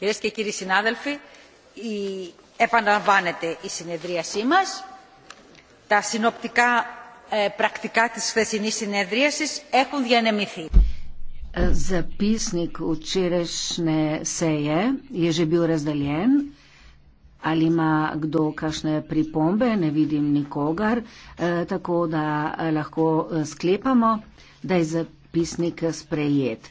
Κυρίες και κύριοι συνάδελφοι, η... επαναλαμβάνεται η συνεδρίασή μας. Τα συνοπτικά ε, πρακτικά της χθεσινής συνεδρίασης έχουν διανεμηθεί. Записник вчерашне сеје је же бил раздалјен, али има кдо кашне припомбе, не видим никогар, тако да лахко склепамо да је записник спрејет.